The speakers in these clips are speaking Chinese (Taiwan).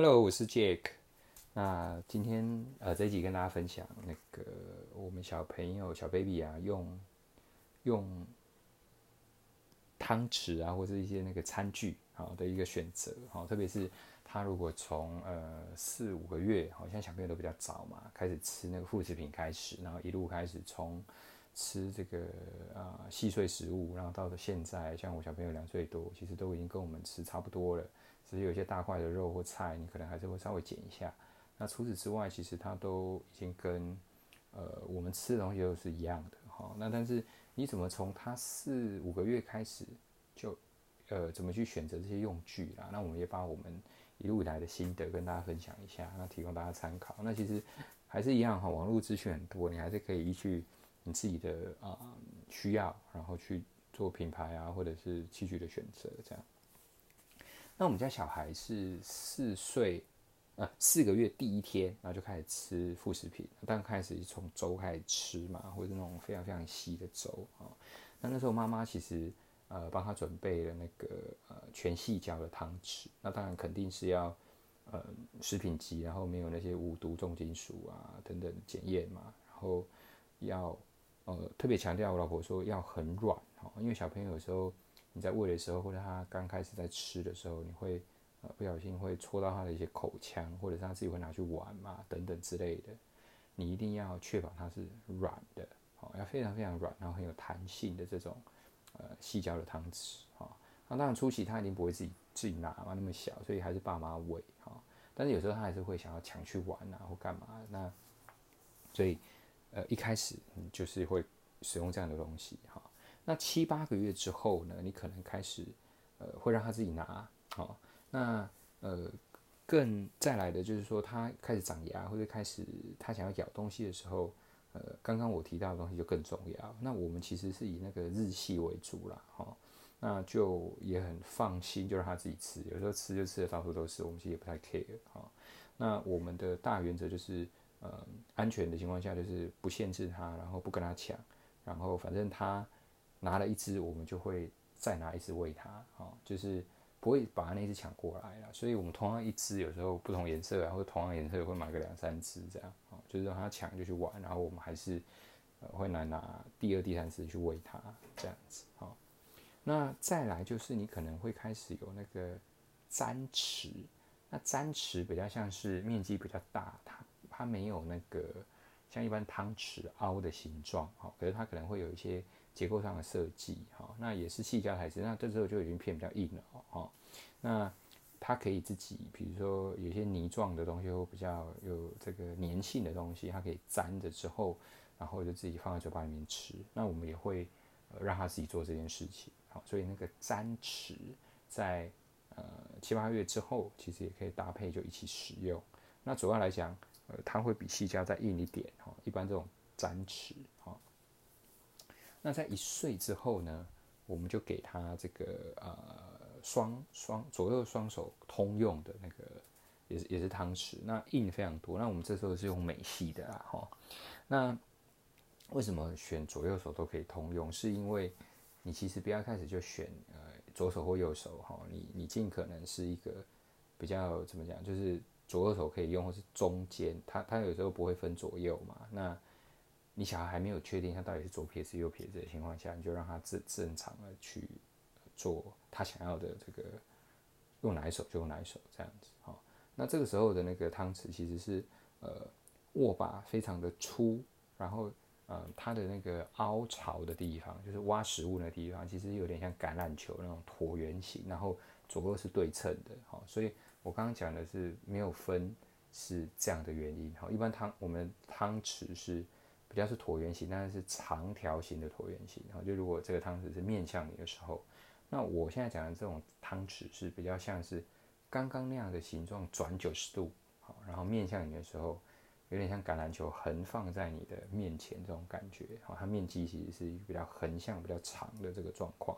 Hello，我是 Jack 那今天呃，這一集跟大家分享那個我們小朋友小 baby 啊，用用湯匙啊，或者一些那個餐具好的一個選擇哈。特別是他如果從呃四五個月，好，像小朋友都比較早嘛，開始吃那個副食品開始，然後一路開始從吃這個啊細、呃、碎食物，然後到了現在，像我小朋友兩歲多，其實都已經跟我們吃差不多了。只是有些大塊的肉或菜，你可能還是會稍微剪一下。那除此之外，其實它都已經跟呃我們吃的東西都是一樣的哈。那但是你怎麼從它四五個月開始就呃怎麼去選擇這些用具啦？那我們也把我們一路以來的心得跟大家分享一下，那提供大家參考。那其實還是一樣哈，網絡資訊很多，你還是可以依據你自己的啊呃需要，然後去做品牌啊或者是器具的選擇這樣。那我們家小孩是四歲，呃，四個月第一天，然後就開始吃副食品，當然開始是從粥開始吃嘛，或者是那種非常非常稀的粥啊，哦。那那時候媽媽其實呃幫他準備了那個呃全矽膠的湯匙，那當然肯定是要呃食品級，然後沒有那些無毒重金屬啊等等檢驗嘛，然後要呃特別強調，我老婆說要很軟哦，因為小朋友有時候。你在餵的時候，或者他剛開始在吃的時候，你會呃不小心會戳到他的一些口腔，或者是他自己會拿去玩嘛，等等之類的。你一定要確保它是軟的，哦，要非常非常軟，然後很有彈性的這種呃矽膠的湯匙，哈、哦。那、啊、當然初期他一定不會自己自己拿嘛，那麼小，所以還是爸媽餵，哈、哦。但是有時候他還是會想要搶去玩啊，或幹嘛，那所以呃一開始你就是會使用這樣的東西，哈、哦。那七八個月之後呢？你可能開始，呃，會讓他自己拿，哦。那呃，更再來的就是說，他開始長牙或者開始他想要咬東西的時候，呃，剛剛我提到的東西就更重要。那我們其實是以那個日系為主啦，哈、哦。那就也很放心，就讓他自己吃。有時候吃就吃得到處都是，我們其實也不太 care，哈、哦。那我們的大原則就是，呃，安全的情況下就是不限制他，然後不跟他搶，然後反正他。拿了一隻，我們就會再拿一隻餵它，哦，就是不會把它那隻搶過來了。所以，我們同樣一隻，有時候不同顏色，然後同樣顏色也會買個兩三隻這樣，哦，就是讓它搶就去玩，然後我們還是、呃、會來拿，拿第二、第三隻去餵它，這樣子，哦。那再來就是你可能會開始有那個粘池，那粘池比較像是面積比較大，它它沒有那個。像一般湯匙凹的形狀，哦，可是它可能會有一些結構上的設計，哈、哦，那也是矽膠材質，那這時候就已經偏比較硬了，哦，那它可以自己，比如說有些泥狀的東西或比較有這個粘性的東西，它可以粘着之後，然後就自己放在嘴巴裡面吃，那我們也會讓它自己做這件事情，哦、所以那個粘匙在呃七八月之後，其實也可以搭配就一起使用，那主要來講。呃，它會比矽膠再硬一點哈、哦，一般這種沾匙哈、哦。那在一歲之後呢，我們就給他這個呃雙雙左右雙手通用的那個，也是也是湯匙，那硬非常多。那我們這時候是用美系的啦哈、哦。那為什麼選左右手都可以通用？是因為你其實不要開始就選呃左手或右手哈、哦，你你盡可能是一個比較怎麼講，就是。左右手可以用，或是中間，他他有時候不會分左右嘛。那你小孩還沒有確定他到底是左撇子右撇子的情況下，你就讓他正正常的去做他想要的這個，用哪一手就用哪一手這樣子。好、哦，那這個時候的那個湯匙其實是呃握把非常的粗，然後呃它的那個凹槽的地方，就是挖食物的地方，其實有點像橄欖球那種橢圓形，然後左右是對稱的。好、哦，所以。我剛剛講的是沒有分，是這樣的原因。好，一般湯我們湯匙是比較是橢圓形，但是是長條形的橢圓形。好，就如果這個湯匙是面向你的時候，那我現在講的這種湯匙是比較像是剛剛那樣的形狀轉九十度，好，然後面向你的時候，有點像橄欖球橫放在你的面前這種感覺。好，它面積其實是一個比較橫向比較長的這個狀況。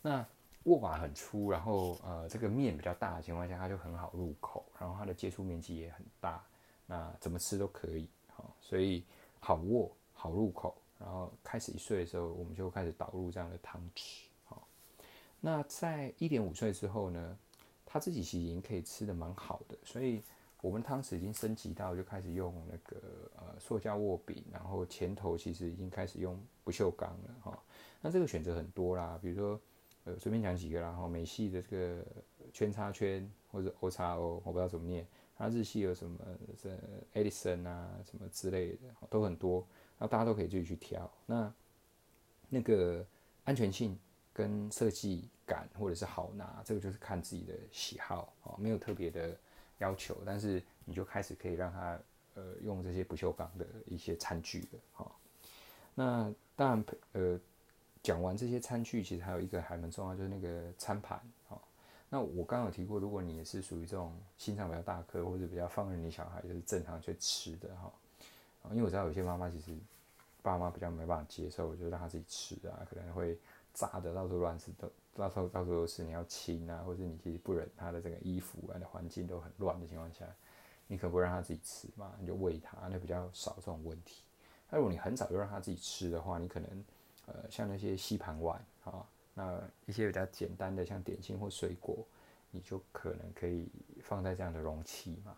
那握把很粗，然後呃，這個面比較大的情況下，它就很好入口，然後它的接觸面積也很大，那怎麼吃都可以哈、哦，所以好握、好入口，然後開始一歲的時候，我們就開始導入這樣的湯匙，好、哦，那在一點五歲之後呢，他自己其實已經可以吃得蠻好的，所以我們湯匙已經升級到就開始用那個呃塑膠握柄，然後前頭其實已經開始用不鏽鋼了哈、哦，那這個選擇很多啦，比如說。呃，隨便講幾個啦，然後美系的這個圈叉圈或者 O 叉 O，我不知道怎麼念。它日系有什麼，這 Edison 啊，什麼之類的，都很多。那大家都可以自己去挑。那那個安全性跟設計感或者是好拿，這個就是看自己的喜好哦，沒有特別的要求。但是你就開始可以讓他呃用這些不鏽鋼的一些餐具了哈。那當然，呃。講完這些餐具，其實還有一個還蠻重要，就是那個餐盤哦，那我剛剛有提過，如果你也是屬於這種心臟比較大顆，或者比較放任你小孩，就是正常去吃的哈、哦。因為我知道有些媽媽其實爸媽比較沒辦法接受，我就讓他自己吃啊，可能會炸的到處亂吃，都到時候到處都是。你要親啊，或者你其實不忍他的這個衣服啊的環境都很亂的情況下，你可不讓他自己吃嘛，你就餵他，那比較少這種問題。那如果你很早就讓他自己吃的話，你可能。呃，像那些吸盤碗啊，那一些比較簡單的，像點心或水果，你就可能可以放在這樣的容器嘛。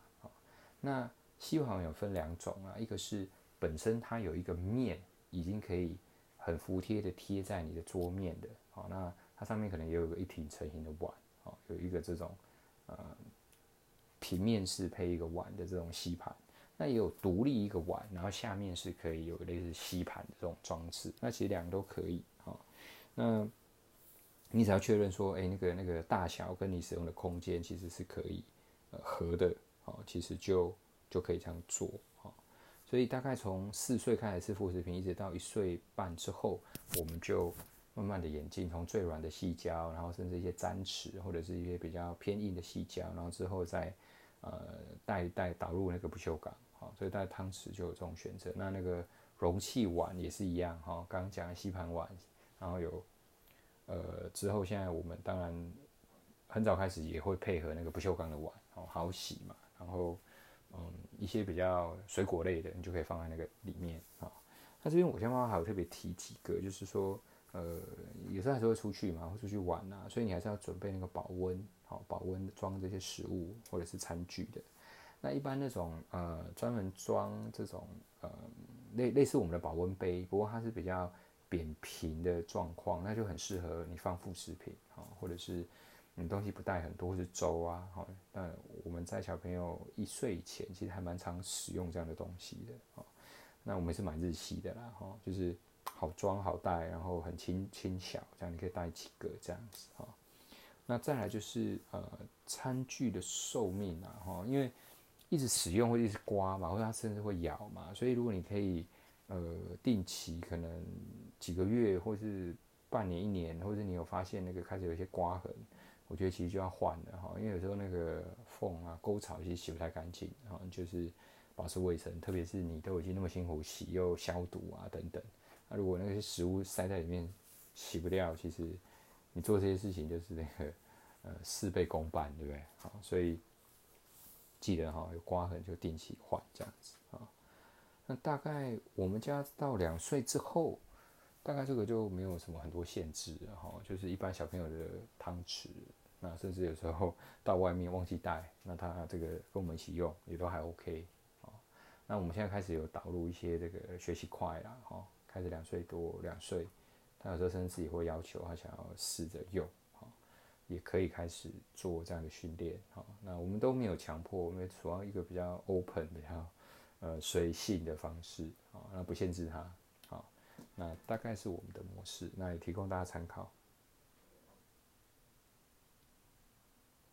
那吸盤有分兩種啊，一個是本身它有一個面，已經可以很服帖的貼在你的桌面的。好，那它上面可能也有個一體成型的碗，好，有一個這種呃平面式配一個碗的這種吸盤。那也有獨立一個碗，然後下面是可以有類似吸盤的這種裝置。那其實兩個都可以哈、哦。那你只要確認說，哎、欸，那個那個大小跟你使用的空間其實是可以、呃、合的，好、哦，其實就就可以這樣做哈、哦。所以大概從四個月開始吃副食品，一直到一歲半之後，我們就慢慢的演進從最軟的矽膠，然後甚至一些粘齒，或者是一些比較偏硬的矽膠，然後之後再。呃，帶帶導入那個不鏽鋼，好、喔，所以帶湯匙就有這種選擇。那那個容器碗也是一樣哈，剛講的吸盤碗，然後有呃之後現在我們當然很早開始也會配合那個不鏽鋼的碗、喔，好洗嘛。然後嗯，一些比較水果類的，你就可以放在那個裡面啊、喔。那這邊我先媽媽還有特別提幾個，就是說呃，有時候還是會出去嘛，會出去玩吶、啊，所以你還是要準備那個保溫。保溫裝這些食物或者是餐具的，那一般那種呃專門裝這種呃類類似我們的保溫杯，不過它是比較扁平的狀況，那就很適合你放副食品啊，或者是你東西不帶很多或是粥啊。好，那我們在小朋友一歲以前其實還蠻常使用這樣的東西的啊。那我們是蠻日系的啦哈，就是好裝好帶，然後很輕輕小，這樣你可以帶幾個這樣子。那再來就是呃餐具的壽命啊，齁，因為一直使用或者一直刮嘛，或者它甚至會咬嘛，所以如果你可以呃定期可能幾個月或是半年一年，或者你有發現那個開始有一些刮痕，我覺得其實就要換了齁，因為有時候那個縫啊溝槽其實洗不太乾淨，然後就是保持衛生，特別是你都已經那麼辛苦洗又消毒啊等等，那如果那些食物塞在裡面洗不掉，其實。你做這些事情就是那個，呃，事倍功半，對不對？好，哦，所以記得哈，哦，有刮痕就定期換這樣子啊，哦。那大概我們家到兩歲之後，大概這個就沒有什麼很多限制了哈，哦，就是一般小朋友的湯匙，那甚至有時候到外面忘記帶，那他這個跟我們一起用也都還 OK 啊，哦。那我們現在開始有導入一些這個學習筷啦好，哦，開始兩歲多，兩歲。那有時候甚至自己會要求他想要試着用，好，也可以開始做這樣的訓練，好，那我們都沒有強迫，我們主要一個比較 open 的哈，呃，隨性的方式，好，那不限制他，好，那大概是我們的模式，那也提供大家參考。